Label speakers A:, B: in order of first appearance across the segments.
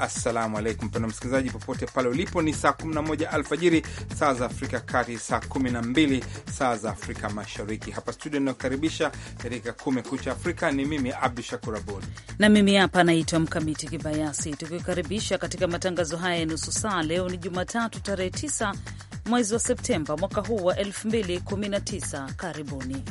A: Assalamu alaikum mpendwa msikilizaji, popote pale ulipo, ni saa 11 alfajiri saa za Afrika Kati, saa 12 saa za Afrika Mashariki. Hapa studio inayokaribisha katika Kumekucha Afrika ni mimi Abdu Shakur Abud
B: na mimi hapa naitwa Mkamiti Kibayasi, tukikaribisha katika matangazo haya ya nusu saa. Leo ni Jumatatu tarehe 9 mwezi wa Septemba mwaka huu wa 2019. Karibuni.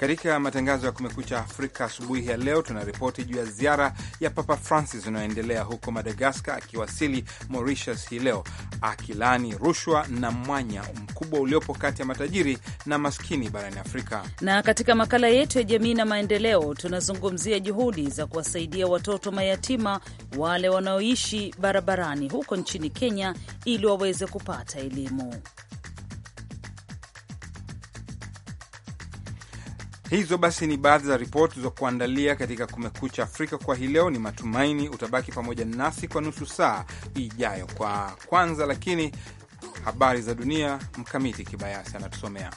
A: Katika matangazo ya Kumekucha Afrika asubuhi ya leo, tunaripoti juu ya ziara ya Papa Francis inayoendelea huko Madagaskar, akiwasili Mauritius hii leo, akilani rushwa na mwanya mkubwa uliopo kati ya matajiri na maskini barani Afrika.
B: Na katika makala yetu ya jamii na maendeleo, tunazungumzia juhudi za kuwasaidia watoto mayatima wale wanaoishi barabarani huko nchini Kenya ili waweze kupata elimu.
A: Hizo basi ni baadhi za ripoti za kuandalia katika Kumekucha Afrika kwa hii leo. Ni matumaini utabaki pamoja nasi kwa nusu saa ijayo. Kwa kwanza lakini habari za dunia, Mkamiti Kibayasi anatusomea.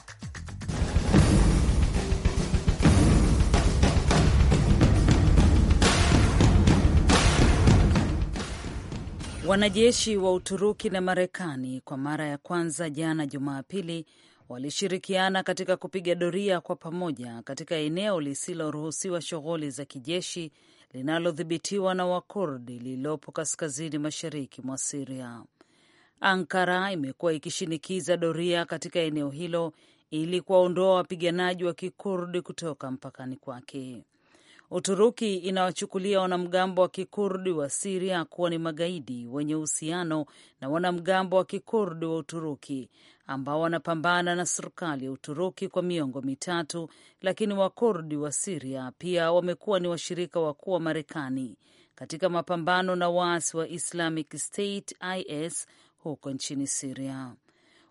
B: Wanajeshi wa Uturuki na Marekani kwa mara ya kwanza jana Jumapili walishirikiana katika kupiga doria kwa pamoja katika eneo lisiloruhusiwa shughuli za kijeshi linalodhibitiwa na Wakurdi lililopo kaskazini mashariki mwa Siria. Ankara imekuwa ikishinikiza doria katika eneo hilo ili kuwaondoa wapiganaji wa kikurdi kutoka mpakani kwake. Uturuki inawachukulia wanamgambo wa kikurdi wa Siria kuwa ni magaidi wenye uhusiano na wanamgambo wa kikurdi wa Uturuki ambao wanapambana na serikali ya Uturuki kwa miongo mitatu, lakini Wakurdi wa Siria pia wamekuwa ni washirika wakuu wa Marekani katika mapambano na waasi wa Islamic State IS huko nchini Siria.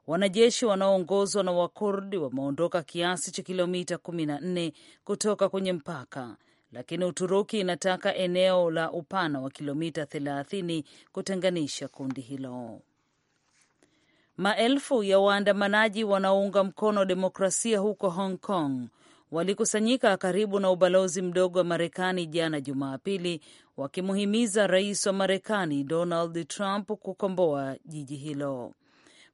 B: Wanajeshi wanaoongozwa na Wakurdi wameondoka kiasi cha kilomita 14 kutoka kwenye mpaka, lakini Uturuki inataka eneo la upana wa kilomita 30 kutenganisha kundi hilo. Maelfu ya waandamanaji wanaounga mkono demokrasia huko Hong Kong walikusanyika karibu na ubalozi mdogo wa Marekani jana Jumapili, wakimuhimiza rais wa Marekani Donald Trump kukomboa jiji hilo.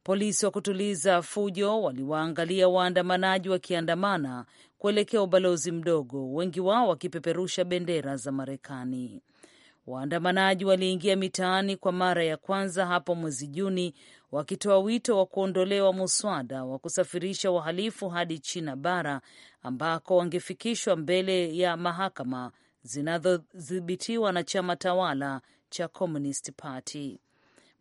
B: Polisi wa kutuliza fujo waliwaangalia waandamanaji wakiandamana kuelekea ubalozi mdogo, wengi wao wakipeperusha bendera za Marekani. Waandamanaji waliingia mitaani kwa mara ya kwanza hapo mwezi Juni wakitoa wito wa kuondolewa muswada wa kusafirisha wahalifu hadi China bara ambako wangefikishwa mbele ya mahakama zinazodhibitiwa na chama tawala cha Communist Party.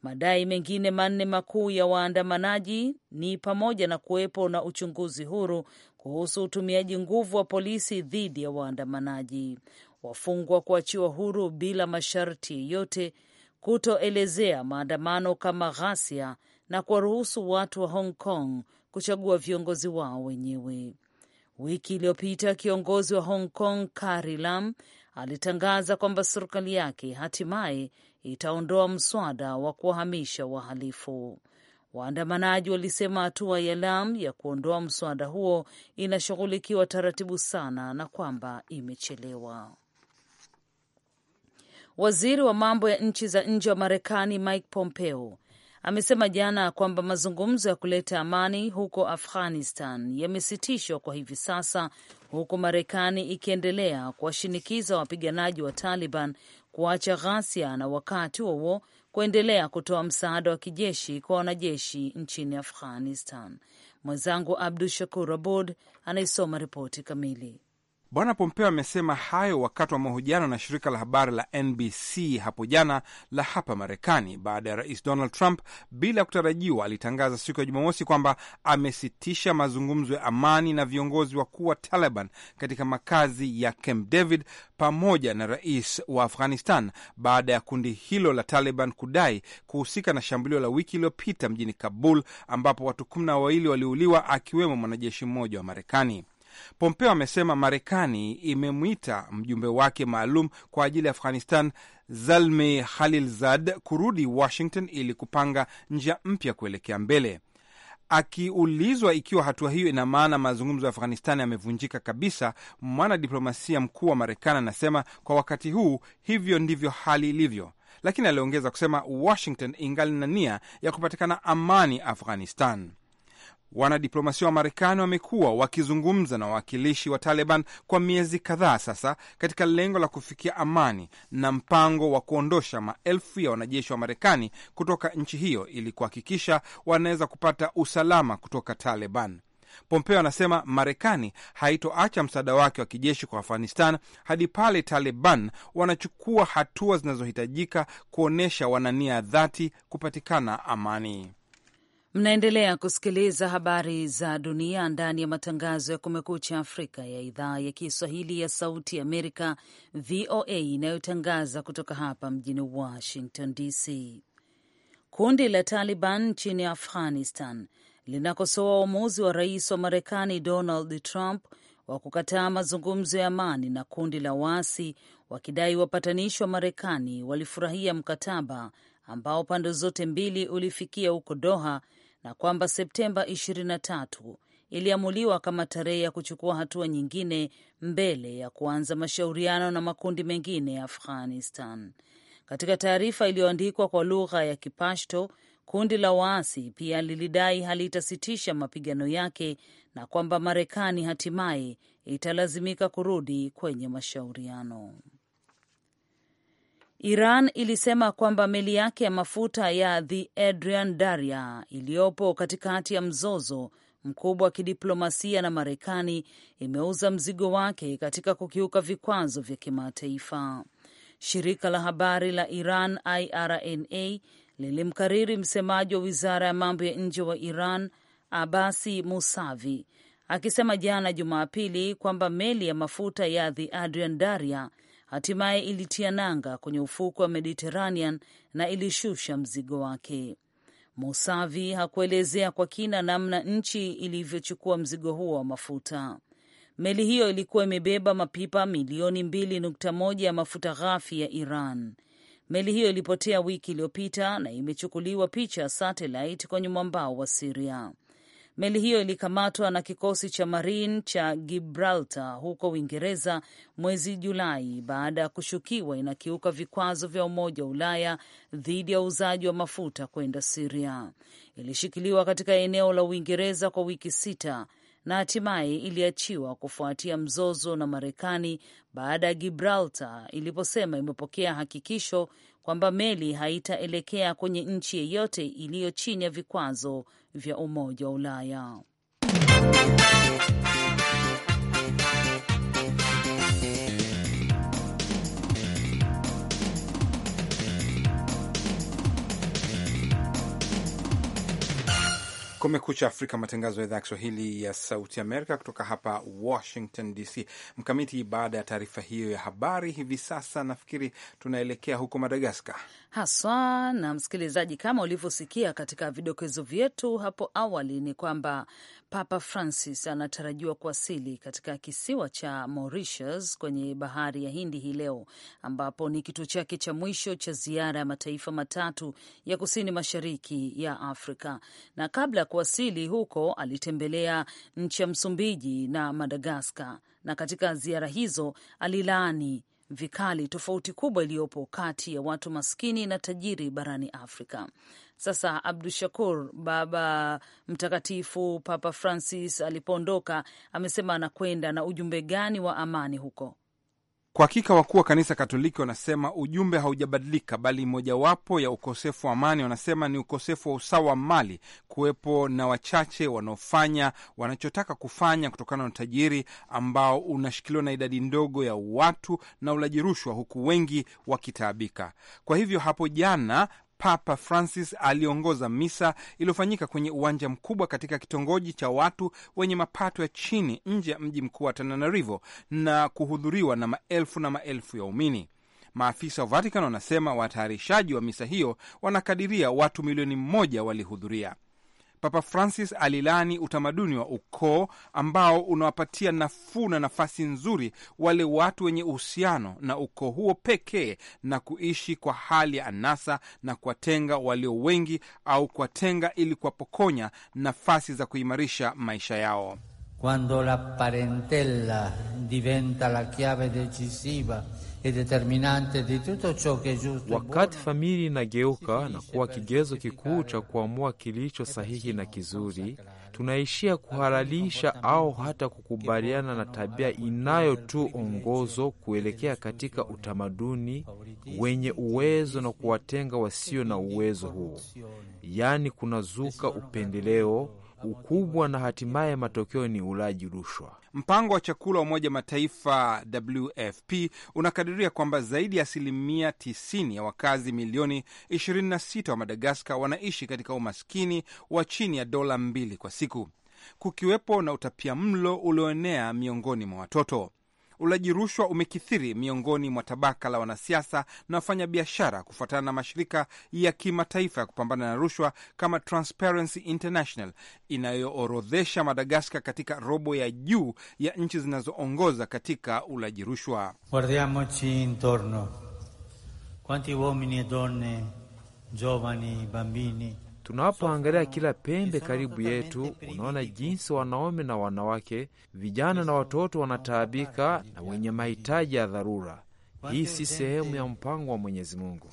B: Madai mengine manne makuu ya waandamanaji ni pamoja na kuwepo na uchunguzi huru kuhusu utumiaji nguvu wa polisi dhidi ya waandamanaji, wafungwa kuachiwa huru bila masharti yeyote kutoelezea maandamano kama ghasia na kuwaruhusu watu wa Hong Kong kuchagua viongozi wao wenyewe. Wiki iliyopita kiongozi wa Hong Kong Carrie Lam alitangaza kwamba serikali yake hatimaye itaondoa mswada wa kuwahamisha wahalifu. Waandamanaji walisema hatua ya Lam ya kuondoa mswada huo inashughulikiwa taratibu sana na kwamba imechelewa. Waziri wa mambo ya nchi za nje wa Marekani Mike Pompeo amesema jana kwamba mazungumzo ya kuleta amani huko Afghanistan yamesitishwa kwa hivi sasa, huku Marekani ikiendelea kuwashinikiza wapiganaji wa Taliban kuacha ghasia na wakati huo kuendelea kutoa msaada wa kijeshi kwa wanajeshi nchini Afghanistan. Mwenzangu Abdu Shakur Abud anaisoma ripoti kamili.
A: Bwana Pompeo amesema hayo wakati wa mahojiano na shirika la habari la NBC hapo jana la hapa Marekani, baada ya rais Donald Trump bila kutarajiwa alitangaza siku ya Jumamosi kwamba amesitisha mazungumzo ya amani na viongozi wakuu wa Taliban katika makazi ya Camp David pamoja na rais wa Afghanistan baada ya kundi hilo la Taliban kudai kuhusika na shambulio la wiki iliyopita mjini Kabul ambapo watu kumi na wawili waliuliwa akiwemo mwanajeshi mmoja wa Marekani. Pompeo amesema Marekani imemwita mjumbe wake maalum kwa ajili ya Afghanistan, zalme Khalilzad, kurudi Washington ili kupanga njia mpya kuelekea mbele. Akiulizwa ikiwa hatua hiyo ina maana mazungumzo ya Afghanistani yamevunjika kabisa, mwanadiplomasia mkuu wa Marekani anasema kwa wakati huu hivyo ndivyo hali ilivyo, lakini aliongeza kusema Washington ingali na nia ya kupatikana amani Afghanistan. Wanadiplomasia wa Marekani wamekuwa wakizungumza na wawakilishi wa Taliban kwa miezi kadhaa sasa katika lengo la kufikia amani na mpango wa kuondosha maelfu ya wanajeshi wa Marekani kutoka nchi hiyo ili kuhakikisha wanaweza kupata usalama kutoka Taliban. Pompeo anasema Marekani haitoacha msaada wake wa kijeshi kwa Afghanistan hadi pale Taliban wanachukua hatua zinazohitajika kuonyesha wana nia dhati kupatikana amani.
B: Mnaendelea kusikiliza habari za dunia ndani ya matangazo ya Kumekucha Afrika ya idhaa ya Kiswahili ya Sauti ya Amerika, VOA, inayotangaza kutoka hapa mjini Washington DC. Kundi la Taliban nchini Afghanistan linakosoa uamuzi wa rais wa Marekani Donald Trump wa kukataa mazungumzo ya amani na kundi la waasi, wakidai wapatanishi wa Marekani walifurahia mkataba ambao pande zote mbili ulifikia huko Doha na kwamba Septemba 23 iliamuliwa kama tarehe ya kuchukua hatua nyingine mbele ya kuanza mashauriano na makundi mengine ya Afghanistan. Katika taarifa iliyoandikwa kwa lugha ya Kipashto, kundi la waasi pia lilidai halitasitisha mapigano yake na kwamba Marekani hatimaye italazimika kurudi kwenye mashauriano. Iran ilisema kwamba meli yake ya mafuta ya The Adrian Darya iliyopo katikati ya mzozo mkubwa wa kidiplomasia na Marekani imeuza mzigo wake katika kukiuka vikwazo vya kimataifa. Shirika la habari la Iran IRNA lilimkariri msemaji wa wizara ya mambo ya nje wa Iran Abasi Musavi akisema jana Jumapili kwamba meli ya mafuta ya The Adrian Darya hatimaye ilitia nanga kwenye ufuko wa Mediterranean na ilishusha mzigo wake. Musavi hakuelezea kwa kina namna nchi ilivyochukua mzigo huo wa mafuta. Meli hiyo ilikuwa imebeba mapipa milioni mbili nukta moja ya mafuta ghafi ya Iran. Meli hiyo ilipotea wiki iliyopita na imechukuliwa picha ya satellite kwenye mwambao wa Siria. Meli hiyo ilikamatwa na kikosi cha Marine cha Gibraltar huko Uingereza mwezi Julai baada ya kushukiwa inakiuka vikwazo vya Umoja wa Ulaya dhidi ya uuzaji wa mafuta kwenda Siria. Ilishikiliwa katika eneo la Uingereza kwa wiki sita na hatimaye iliachiwa kufuatia mzozo na Marekani baada ya Gibraltar iliposema imepokea hakikisho kwamba meli haitaelekea kwenye nchi yeyote iliyo chini ya vikwazo vya Umoja wa Ulaya.
A: Kumekucha Afrika, matangazo ya idhaa ya Kiswahili ya Sauti Amerika kutoka hapa Washington DC. Mkamiti, baada ya taarifa hiyo ya habari, hivi sasa nafikiri tunaelekea huko Madagaskar
B: haswa. Na msikilizaji, kama ulivyosikia katika vidokezo vyetu hapo awali, ni kwamba Papa Francis anatarajiwa kuwasili katika kisiwa cha Mauritius kwenye bahari ya Hindi hii leo, ambapo ni kituo chake cha mwisho cha ziara ya mataifa matatu ya kusini mashariki ya Afrika. Na kabla ya kuwasili huko, alitembelea nchi ya Msumbiji na Madagaskar, na katika ziara hizo alilaani vikali tofauti kubwa iliyopo kati ya watu maskini na tajiri barani Afrika. Sasa Abdu Shakur, Baba Mtakatifu Papa Francis alipoondoka, amesema anakwenda na ujumbe gani wa amani huko?
A: Kwa hakika wakuu wa kanisa Katoliki wanasema ujumbe haujabadilika, bali mojawapo ya ukosefu wa amani wanasema ni ukosefu wa usawa wa mali, kuwepo na wachache wanaofanya wanachotaka kufanya kutokana na utajiri ambao unashikiliwa na idadi ndogo ya watu na ulaji rushwa, huku wengi wakitaabika. Kwa hivyo hapo jana Papa Francis aliongoza misa iliyofanyika kwenye uwanja mkubwa katika kitongoji cha watu wenye mapato ya chini nje ya mji mkuu wa Tananarivo na kuhudhuriwa na maelfu na maelfu ya umini. Maafisa wa Vatican wanasema watayarishaji wa misa hiyo wanakadiria watu milioni mmoja walihudhuria. Papa Francis alilani utamaduni wa ukoo ambao unawapatia nafuu na nafasi nzuri wale watu wenye uhusiano na ukoo huo pekee na kuishi kwa hali ya anasa na kuwatenga walio wengi au kuwatenga ili kuwapokonya nafasi za kuimarisha maisha yao.
C: Quando la parentela diventa la chiave decisiva E e
D: Wakati famili inageuka na kuwa kigezo kikuu cha kuamua kilicho sahihi na kizuri, tunaishia kuhalalisha au hata kukubaliana na tabia tu ongozo kuelekea katika utamaduni wenye uwezo na kuwatenga wasio na uwezo huo, yaani kunazuka upendeleo, ukubwa na hatimaye matokeo ni ulaji rushwa.
A: Mpango wa chakula wa Umoja Mataifa WFP unakadiria kwamba zaidi ya asilimia 90 ya wakazi milioni 26 wa Madagaskar wanaishi katika umaskini wa chini ya dola mbili kwa siku, kukiwepo na utapia mlo ulioenea miongoni mwa watoto. Ulaji rushwa umekithiri miongoni mwa tabaka la wanasiasa na wafanyabiashara kufuatana na mashirika ya kimataifa ya kupambana na rushwa kama Transparency International inayoorodhesha Madagaskar katika robo ya juu ya nchi zinazoongoza katika ulaji rushwa.
E: Guardiamoci intorno quanti uomini e donne giovani bambini
D: Tunapoangalia kila pembe karibu yetu, unaona jinsi wanaume na wanawake, vijana na watoto wanataabika na wenye mahitaji ya dharura. Hii si sehemu
A: ya mpango wa Mwenyezi Mungu.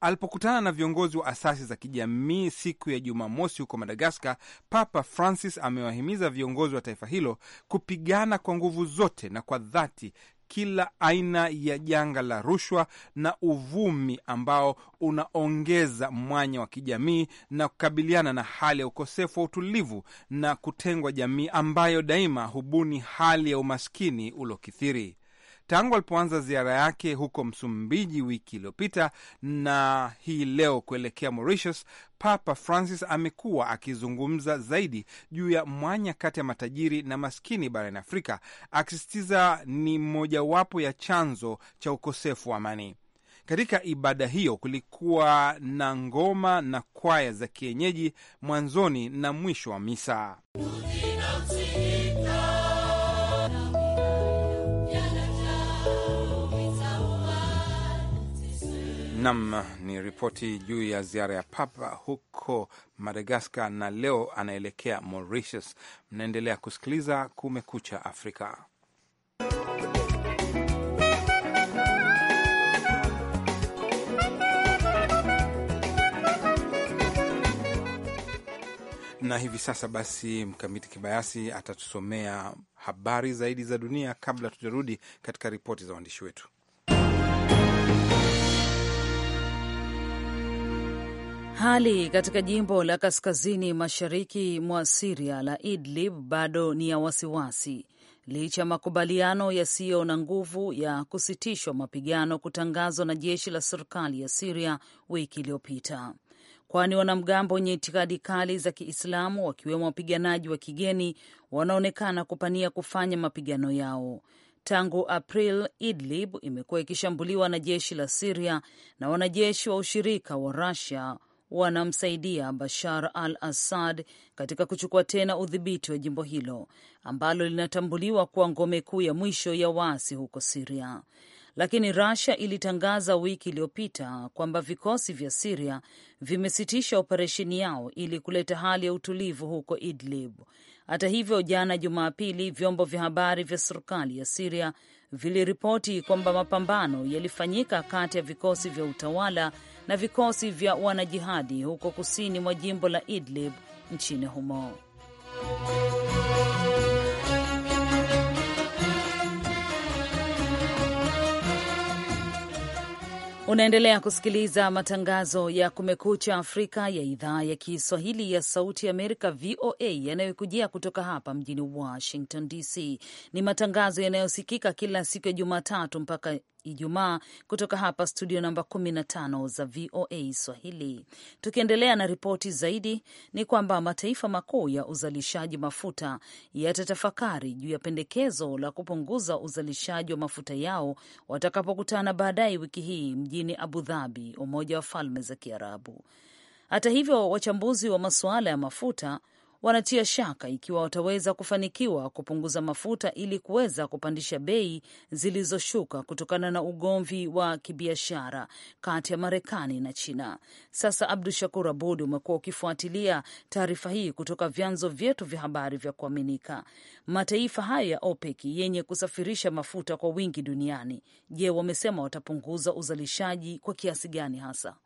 A: Alipokutana na viongozi wa asasi za kijamii siku ya Jumamosi huko Madagaskar, Papa Francis amewahimiza viongozi wa taifa hilo kupigana kwa nguvu zote na kwa dhati kila aina ya janga la rushwa na uvumi ambao unaongeza mwanya wa kijamii na kukabiliana na hali ya ukosefu wa utulivu na kutengwa jamii ambayo daima hubuni hali ya umaskini uliokithiri tangu alipoanza ziara yake huko Msumbiji wiki iliyopita na hii leo kuelekea Mauritius. Papa Francis amekuwa akizungumza zaidi juu ya mwanya kati ya matajiri na maskini barani Afrika, akisisitiza ni mojawapo ya chanzo cha ukosefu wa amani. Katika ibada hiyo kulikuwa na ngoma na kwaya za kienyeji mwanzoni na mwisho wa misa. Nam ni ripoti juu ya ziara ya Papa huko Madagaskar na leo anaelekea Mauritius. Mnaendelea kusikiliza Kumekucha Afrika. Na hivi sasa basi, Mkamiti Kibayasi atatusomea habari zaidi za dunia kabla tujarudi katika ripoti za waandishi wetu.
B: Hali katika jimbo la kaskazini mashariki mwa Siria la Idlib bado ni ya wasiwasi licha ya makubaliano yasiyo na nguvu ya kusitishwa mapigano kutangazwa na jeshi la serikali ya Siria wiki iliyopita, kwani wanamgambo wenye itikadi kali za Kiislamu wakiwemo wapiganaji wa kigeni wanaonekana kupania kufanya mapigano yao. Tangu April, Idlib imekuwa ikishambuliwa na jeshi la Siria na wanajeshi wa ushirika wa Rusia wanamsaidia Bashar al Assad katika kuchukua tena udhibiti wa jimbo hilo ambalo linatambuliwa kuwa ngome kuu ya mwisho ya waasi huko Siria. Lakini rasia ilitangaza wiki iliyopita kwamba vikosi vya Siria vimesitisha operesheni yao ili kuleta hali ya utulivu huko Idlib. Hata hivyo, jana Jumapili, vyombo vya habari vya serikali ya Siria viliripoti kwamba mapambano yalifanyika kati ya vikosi vya utawala na vikosi vya wanajihadi huko kusini mwa jimbo la Idlib nchini humo. Unaendelea kusikiliza matangazo ya Kumekucha Afrika ya idhaa ya Kiswahili ya Sauti ya Amerika, VOA, yanayokujia kutoka hapa mjini Washington DC. Ni matangazo yanayosikika kila siku ya Jumatatu mpaka Ijumaa kutoka hapa studio namba 15 za VOA Swahili. Tukiendelea na ripoti zaidi, ni kwamba mataifa makuu ya uzalishaji mafuta yatatafakari juu ya pendekezo la kupunguza uzalishaji wa mafuta yao watakapokutana baadaye wiki hii mjini Abu Dhabi, Umoja wa Falme za Kiarabu. Hata hivyo, wachambuzi wa masuala ya mafuta wanatia shaka ikiwa wataweza kufanikiwa kupunguza mafuta ili kuweza kupandisha bei zilizoshuka kutokana na ugomvi wa kibiashara kati ya Marekani na China. Sasa, Abdu Shakur Abud, umekuwa ukifuatilia taarifa hii kutoka vyanzo vyetu vya habari vya kuaminika. Mataifa haya ya OPEC yenye kusafirisha mafuta kwa wingi duniani, je, wamesema watapunguza uzalishaji kwa kiasi gani hasa?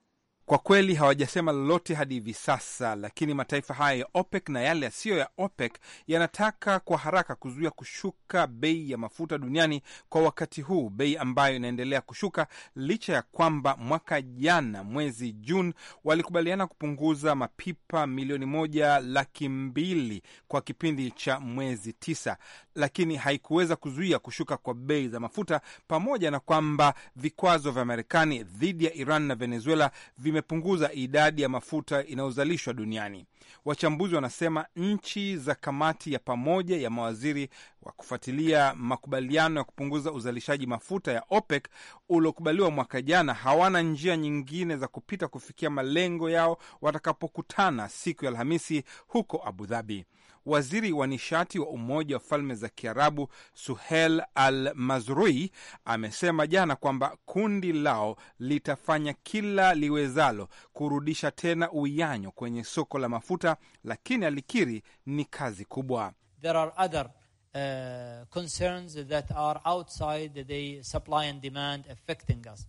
A: Kwa kweli hawajasema lolote hadi hivi sasa, lakini mataifa haya ya OPEC na yale yasiyo ya OPEC yanataka kwa haraka kuzuia kushuka bei ya mafuta duniani kwa wakati huu, bei ambayo inaendelea kushuka licha ya kwamba mwaka jana mwezi Juni walikubaliana kupunguza mapipa milioni moja laki mbili kwa kipindi cha mwezi tisa, lakini haikuweza kuzuia kushuka kwa bei za mafuta, pamoja na kwamba vikwazo vya Marekani dhidi ya Iran na Venezuela vi vimepunguza idadi ya mafuta inayozalishwa duniani. Wachambuzi wanasema nchi za kamati ya pamoja ya mawaziri wa kufuatilia makubaliano ya kupunguza uzalishaji mafuta ya OPEC uliokubaliwa mwaka jana hawana njia nyingine za kupita kufikia malengo yao watakapokutana siku ya Alhamisi huko Abu Dhabi. Waziri wa nishati wa Umoja wa Falme za Kiarabu Suhel Al Mazrui amesema jana kwamba kundi lao litafanya kila liwezalo kurudisha tena uyanyo kwenye soko la mafuta, lakini alikiri ni kazi kubwa. There are other, uh, concerns that are outside the supply and demand affecting us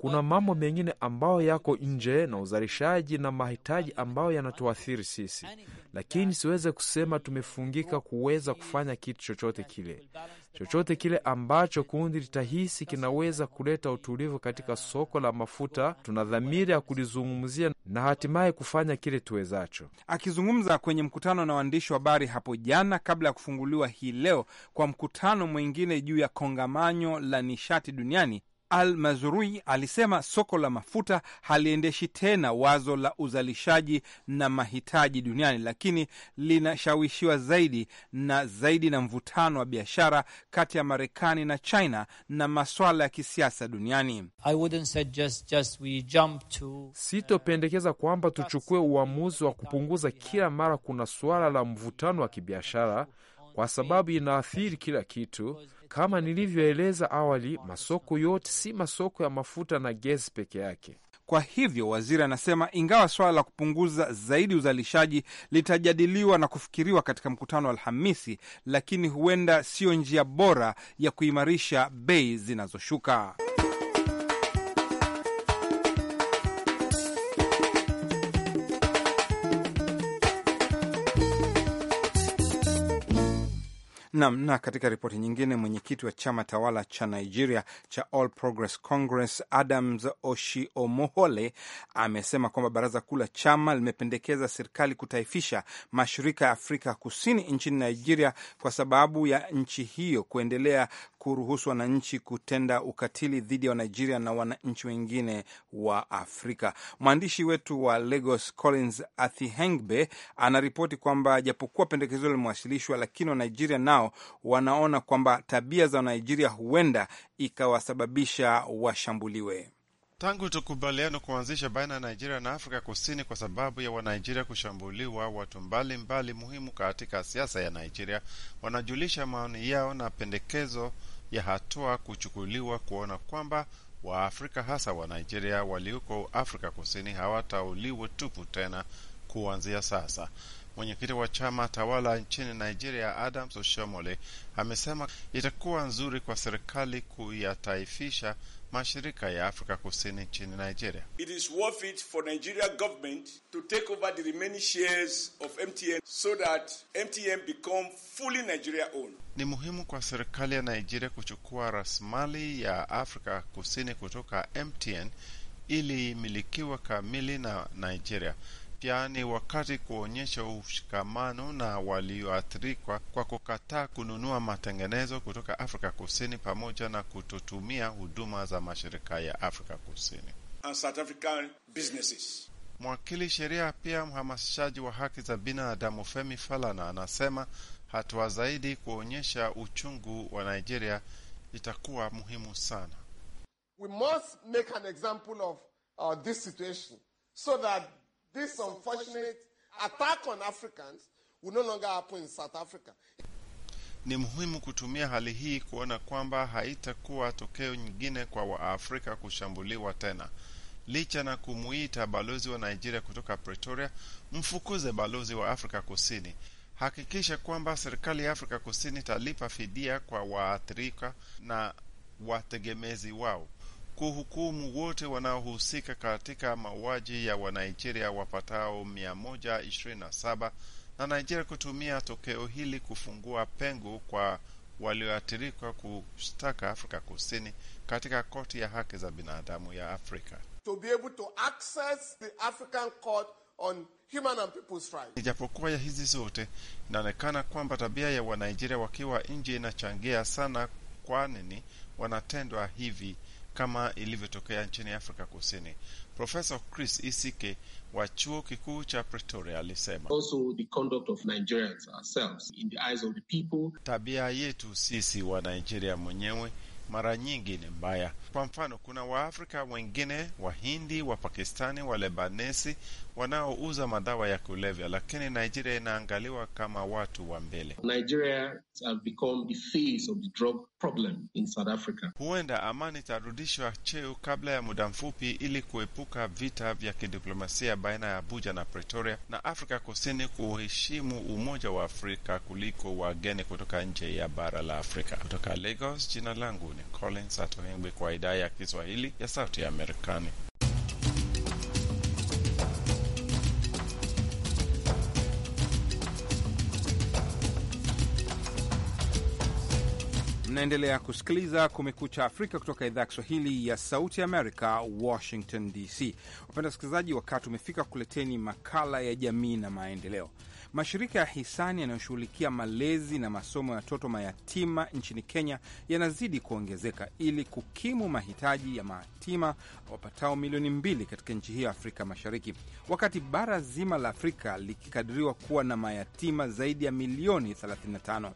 D: kuna mambo mengine ambayo yako nje na uzalishaji na mahitaji ambayo yanatuathiri sisi, lakini siweze kusema tumefungika kuweza kufanya kitu chochote kile. Chochote kile ambacho kundi litahisi kinaweza kuleta utulivu katika soko la mafuta, tuna dhamira ya kulizungumzia na hatimaye kufanya kile tuwezacho.
A: Akizungumza kwenye mkutano na waandishi wa habari hapo jana, kabla ya kufunguliwa hii leo kwa mkutano mwingine juu ya kongamano la nishati duniani Al-Mazrui alisema soko la mafuta haliendeshi tena wazo la uzalishaji na mahitaji duniani, lakini linashawishiwa zaidi na zaidi na mvutano wa biashara kati ya Marekani na China na maswala ya kisiasa duniani. just, to... Uh,
D: sitopendekeza kwamba tuchukue uamuzi wa kupunguza kila mara kuna suala la mvutano wa kibiashara kwa sababu inaathiri kila kitu. Kama nilivyoeleza awali, masoko yote si masoko
A: ya mafuta na gesi peke yake. Kwa hivyo waziri anasema ingawa swala la kupunguza zaidi uzalishaji litajadiliwa na kufikiriwa katika mkutano wa Alhamisi, lakini huenda siyo njia bora ya kuimarisha bei zinazoshuka. Nam. Na katika ripoti nyingine, mwenyekiti wa chama tawala cha Nigeria cha All Progress Congress Adams Oshiomohole amesema kwamba baraza kuu la chama limependekeza serikali kutaifisha mashirika ya Afrika Kusini nchini Nigeria kwa sababu ya nchi hiyo kuendelea kuruhusu wananchi kutenda ukatili dhidi ya Wanigeria na wananchi wengine wa Afrika. Mwandishi wetu wa Lagos Collins Athihengbe anaripoti kwamba japokuwa pendekezo limewasilishwa, lakini Wanigeria nao wao wanaona kwamba tabia za Nigeria huenda ikawasababisha washambuliwe.
C: Tangu tukubaliano kuanzisha baina ya Nigeria na Afrika Kusini kwa sababu ya Wanigeria kushambuliwa, watu mbalimbali muhimu katika siasa ya Nigeria wanajulisha maoni yao na pendekezo ya hatua kuchukuliwa kuona kwamba Waafrika hasa wa Nigeria walioko Afrika Kusini hawatauliwe tupu tena kuanzia sasa. Mwenyekiti wa chama tawala nchini Nigeria, Adams Oshomole, amesema itakuwa nzuri kwa serikali kuyataifisha mashirika ya Afrika Kusini nchini Nigeria.
F: It is worth it for Nigeria government to take over the remaining shares of MTN so that MTN become fully Nigeria
C: owned. Ni muhimu kwa serikali ya Nigeria kuchukua rasilimali ya Afrika Kusini kutoka MTN ili imilikiwa kamili na Nigeria ni wakati kuonyesha ushikamano na walioathirika kwa kukataa kununua matengenezo kutoka Afrika Kusini pamoja na kutotumia huduma za mashirika ya Afrika Kusini
F: And South African businesses.
C: Mwakili sheria pia mhamasishaji wa haki za binadamu Femi Falana anasema hatua zaidi kuonyesha uchungu wa Nigeria itakuwa muhimu sana.
B: We
F: must make an example of uh, this situation so that this unfortunate attack on Africans will no longer happen in South Africa.
C: Ni muhimu kutumia hali hii kuona kwamba haitakuwa tokeo nyingine kwa Waafrika kushambuliwa tena. Licha na kumuita balozi wa Nigeria kutoka Pretoria, mfukuze balozi wa Afrika Kusini. Hakikisha kwamba serikali ya Afrika Kusini italipa fidia kwa waathirika na wategemezi wao kuhukumu wote wanaohusika katika mauaji ya Wanigeria wapatao 127 na Nigeria kutumia tokeo hili kufungua pengo kwa walioathirika kushtaka Afrika Kusini katika koti ya haki za binadamu ya Afrika.
F: To be able to access the African Court on Human and People's Rights.
C: Ijapokuwa ya hizi zote, inaonekana kwamba tabia ya Wanigeria wakiwa nje inachangia sana, kwa nini wanatendwa hivi kama ilivyotokea nchini Afrika Kusini. Profesa Chris Isike wa chuo kikuu cha Pretoria alisema
F: also the conduct of Nigerians
C: ourselves in the eyes of the people, tabia yetu sisi wa Nigeria mwenyewe mara nyingi ni mbaya. Kwa mfano, kuna Waafrika wengine Wahindi, Wapakistani, Walebanesi wanaouza madawa ya kulevya, lakini Nigeria inaangaliwa kama watu wa mbele. Huenda amani itarudishwa cheo kabla ya muda mfupi, ili kuepuka vita vya kidiplomasia baina ya Abuja na Pretoria, na Afrika Kusini kuheshimu Umoja wa Afrika kuliko wageni kutoka nje ya bara la Afrika. Kutoka Lagos, jina langu ni Collins Atohengwi, kwa idhaa ya Kiswahili ya Sauti ya Amerikani.
A: Unaendelea kusikiliza Kumekucha Afrika kutoka idhaa ya Kiswahili ya Sauti ya Amerika, Washington DC. Wapenda wasikilizaji, wakati umefika kuleteni makala ya jamii na maendeleo. Mashirika ya hisani yanayoshughulikia malezi na masomo ya watoto mayatima nchini Kenya yanazidi kuongezeka ili kukimu mahitaji ya mayatima wapatao milioni mbili katika nchi hiyo ya Afrika Mashariki, wakati bara zima la Afrika likikadiriwa kuwa na mayatima zaidi ya milioni 35.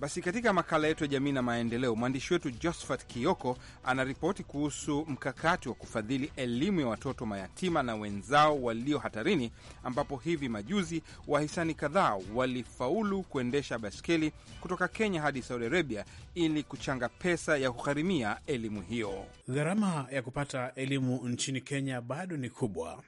A: Basi katika makala yetu ya jamii na maendeleo, mwandishi wetu Josphat Kioko anaripoti kuhusu mkakati wa kufadhili elimu ya watoto mayatima na wenzao walio hatarini, ambapo hivi majuzi wahisani kadhaa walifaulu kuendesha baskeli kutoka Kenya hadi Saudi Arabia ili kuchanga pesa ya kugharimia elimu hiyo. Gharama ya kupata
F: elimu nchini
A: Kenya bado ni kubwa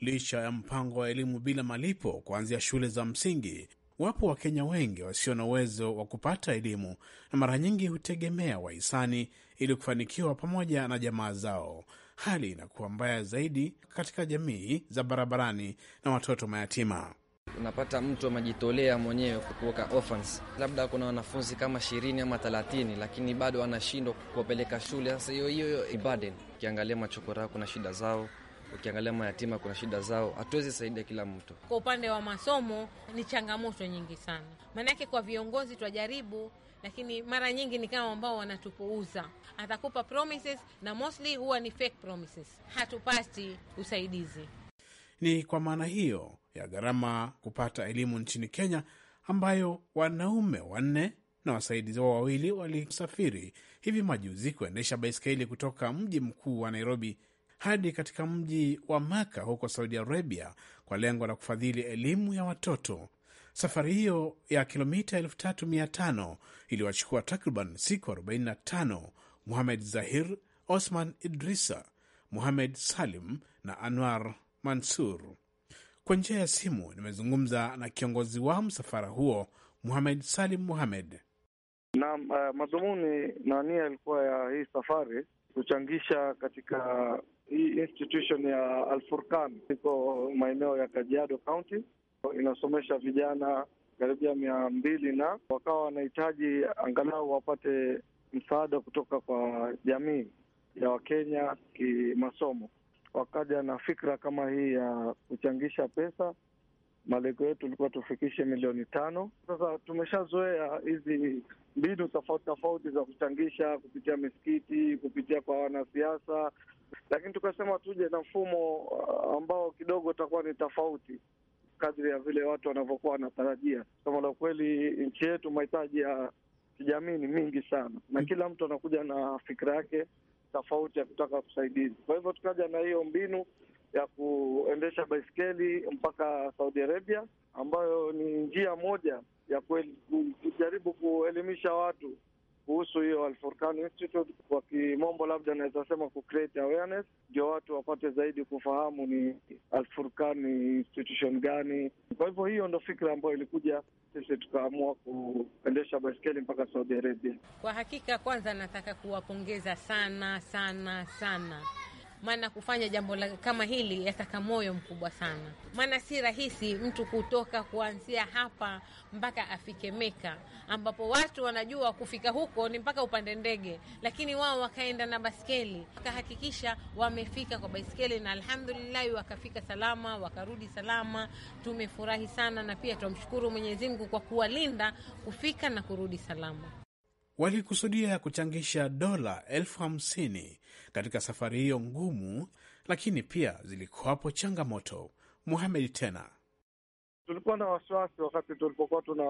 A: licha ya mpango wa elimu
F: bila malipo kuanzia shule za msingi Wapo Wakenya wengi wasio na uwezo wa kupata elimu na mara nyingi hutegemea wahisani ili kufanikiwa pamoja na jamaa zao. Hali inakuwa mbaya zaidi katika jamii za barabarani na watoto
D: mayatima. Unapata mtu amejitolea mwenyewe kuweka orphans, labda kuna wanafunzi kama ishirini ama thelathini, lakini bado anashindwa kuwapeleka shule. Sasa hiyo hiyo ibaden, ukiangalia machokora, kuna shida zao Ukiangalia mayatima kuna shida zao, hatuwezi saidia kila
G: mtu. Kwa upande wa masomo ni changamoto nyingi sana, maanake kwa viongozi twajaribu lakini mara nyingi ni kama ambao wanatupuuza. Atakupa promises na mostly huwa ni fake promises, hatupati usaidizi.
F: Ni kwa maana hiyo ya gharama kupata elimu nchini Kenya, ambayo wanaume wanne na wasaidizi wao wawili walisafiri hivi majuzi kuendesha baiskeli kutoka mji mkuu wa Nairobi hadi katika mji wa Maka huko Saudi Arabia kwa lengo la kufadhili elimu ya watoto. Safari hiyo ya kilomita 3500 iliwachukua takriban siku 45 Muhamed Zahir, Osman Idrisa, Muhamed Salim na Anwar Mansur. Kwa njia ya simu nimezungumza na kiongozi wa msafara huo Muhamed Salim Muhamed.
E: Naam, uh, madhumuni na nia ilikuwa ya hii safari kuchangisha katika hii institution ya Alfurkan iko maeneo ya Kajiado County, inasomesha vijana karibia mia mbili na wakawa wanahitaji angalau wapate msaada kutoka kwa jamii ya Wakenya kimasomo. Wakaja na fikra kama hii ya kuchangisha pesa. Malengo yetu ilikuwa tufikishe milioni tano. Sasa tumeshazoea hizi mbinu tofauti tofauti za kuchangisha kupitia misikiti, kupitia kwa wanasiasa, lakini tukasema tuje na mfumo uh, ambao kidogo utakuwa ni tofauti kadri ya vile watu wanavyokuwa wanatarajia. Kama la ukweli nchi yetu mahitaji ya kijamii ni mingi sana, na mm. kila mtu anakuja na fikira yake tofauti ya kutaka kusaidizi. Kwa hivyo tukaja na hiyo mbinu ya kuendesha baiskeli mpaka Saudi Arabia, ambayo ni njia moja ya kujaribu kuelimisha watu kuhusu hiyo Alfurkan Institute, kwa kimombo labda naweza sema ku create awareness, ndio watu wapate zaidi kufahamu ni Alfurkan institution gani. Kwa hivyo hiyo ndo fikra ambayo ilikuja sisi tukaamua kuendesha baiskeli mpaka Saudi Arabia.
G: Kwa hakika, kwanza nataka kuwapongeza sana sana sana maana kufanya jambo kama hili yataka moyo mkubwa sana, maana si rahisi mtu kutoka kuanzia hapa mpaka afike Meka, ambapo watu wanajua kufika huko ni mpaka upande ndege, lakini wao wakaenda na baskeli, wakahakikisha wamefika kwa baskeli na alhamdulillahi wakafika salama, wakarudi salama. Tumefurahi sana na pia twamshukuru Mwenyezi Mungu kwa kuwalinda kufika na kurudi salama
F: walikusudia kuchangisha dola elfu hamsini katika safari hiyo ngumu, lakini pia zilikuwapo changamoto. Muhamed tena
E: tulikuwa na wasiwasi wakati tulipokuwa tuna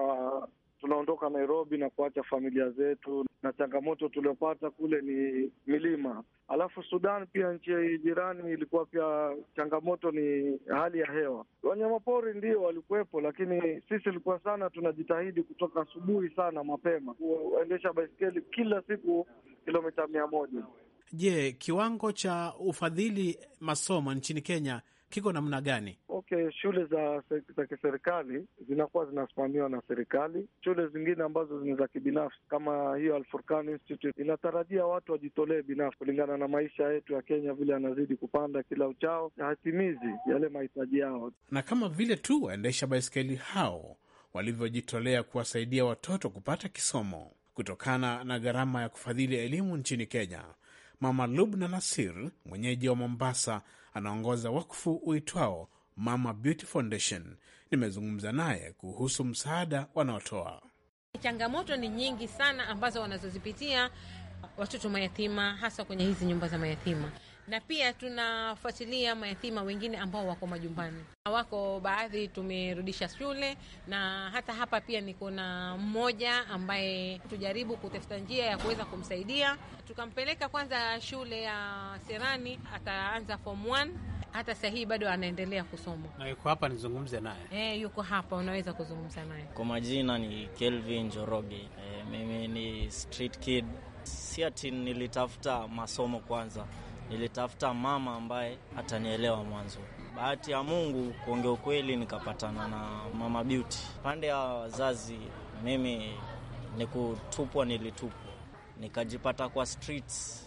E: tunaondoka Nairobi na kuacha familia zetu, na changamoto tuliopata kule ni milima. Alafu Sudan pia nchi jirani ilikuwa pia changamoto ni hali ya hewa. Wanyamapori ndio walikuwepo, lakini sisi ilikuwa sana tunajitahidi kutoka asubuhi sana mapema kuendesha baiskeli kila siku kilomita mia moja.
F: Je, kiwango cha ufadhili masomo nchini Kenya kiko namna gani?
E: Kumbuke shule za za kiserikali zinakuwa zinasimamiwa na serikali. Shule zingine ambazo ni za kibinafsi kama hiyo Alfurkan Institute inatarajia watu wajitolee binafsi. Kulingana na maisha yetu ya Kenya vile yanazidi kupanda kila uchao, hatimizi yale mahitaji yao,
F: na kama vile tu waendesha baiskeli hao walivyojitolea kuwasaidia watoto kupata kisomo kutokana na gharama ya kufadhili elimu nchini Kenya. Mama Lubna Nasir, mwenyeji wa Mombasa, anaongoza wakfu uitwao Mama Beauty Foundation. Nimezungumza naye kuhusu msaada wanaotoa.
G: Changamoto ni nyingi sana ambazo wanazozipitia watoto mayatima, hasa kwenye hizi nyumba za mayatima, na pia tunafuatilia mayatima wengine ambao wako majumbani. Wako baadhi tumerudisha shule, na hata hapa pia niko na mmoja ambaye tujaribu kutafuta njia ya kuweza kumsaidia. Tukampeleka kwanza shule ya Serani, ataanza form hata sasa hii bado anaendelea kusoma
F: na yuko hapa, nizungumze
A: naye
G: eh, yuko hapa, unaweza kuzungumza naye.
A: Kwa majina ni Kelvin joroge E, eh, mimi ni street kid, si ati nilitafuta masomo kwanza, nilitafuta mama ambaye atanielewa mwanzo. Bahati ya Mungu, kuongea ukweli, nikapatana na mama Beauty. Pande ya wazazi, mimi ni
F: kutupwa, nilitupwa nikajipata kwa streets.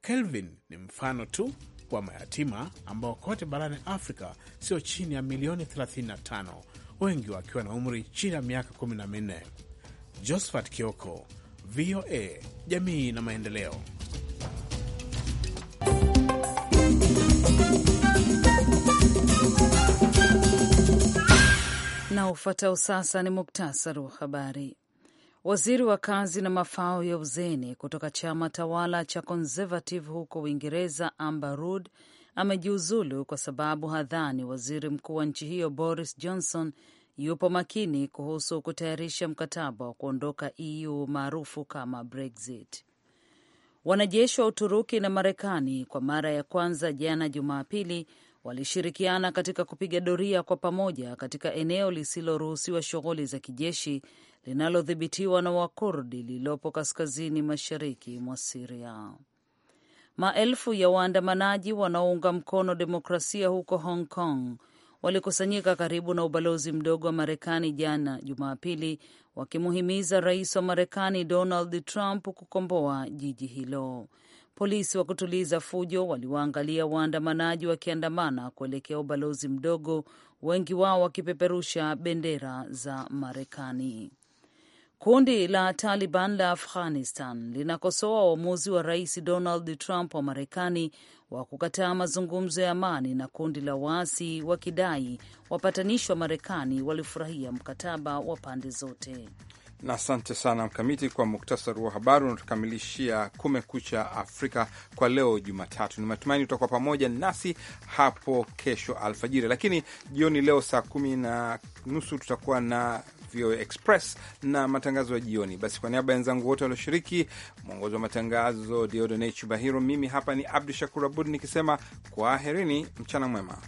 F: Kelvin ni mfano tu wa mayatima ambao kote barani Afrika sio chini ya milioni 35, wengi wakiwa na umri chini ya miaka 14. Josephat Kioko, VOA Jamii na Maendeleo.
B: Na ufuatao sasa ni muktasari wa habari. Waziri wa kazi na mafao ya uzeni kutoka chama tawala cha Conservative huko Uingereza, Amber Rudd amejiuzulu kwa sababu hadhani waziri mkuu wa nchi hiyo Boris Johnson yupo makini kuhusu kutayarisha mkataba wa kuondoka EU maarufu kama Brexit. Wanajeshi wa Uturuki na Marekani kwa mara ya kwanza jana Jumapili walishirikiana katika kupiga doria kwa pamoja katika eneo lisiloruhusiwa shughuli za kijeshi linalodhibitiwa na Wakurdi lililopo kaskazini mashariki mwa Siria. Maelfu ya waandamanaji wanaounga mkono demokrasia huko Hong Kong walikusanyika karibu na ubalozi mdogo wa Marekani jana Jumapili, wakimuhimiza rais wa Marekani Donald Trump kukomboa jiji hilo. Polisi wa kutuliza fujo waliwaangalia waandamanaji wakiandamana kuelekea ubalozi mdogo, wengi wao wakipeperusha bendera za Marekani. Kundi la Taliban la Afghanistan linakosoa uamuzi wa rais Donald Trump wa Marekani wa kukataa mazungumzo ya amani na kundi la waasi wakidai wapatanishi wa Marekani walifurahia mkataba wa pande zote.
A: Na asante sana Mkamiti kwa muktasari wa habari unatukamilishia Kumekucha Afrika kwa leo Jumatatu. Ni matumaini utakuwa pamoja nasi hapo kesho alfajiri, lakini jioni leo saa kumi na nusu tutakuwa na VOA Express na matangazo ya jioni. Basi kwa niaba ya wenzangu wote walioshiriki, mwongozi wa matangazo Diodonechu Chubahiro, mimi hapa ni Abdu Shakur Abud nikisema kwaherini, mchana mwema.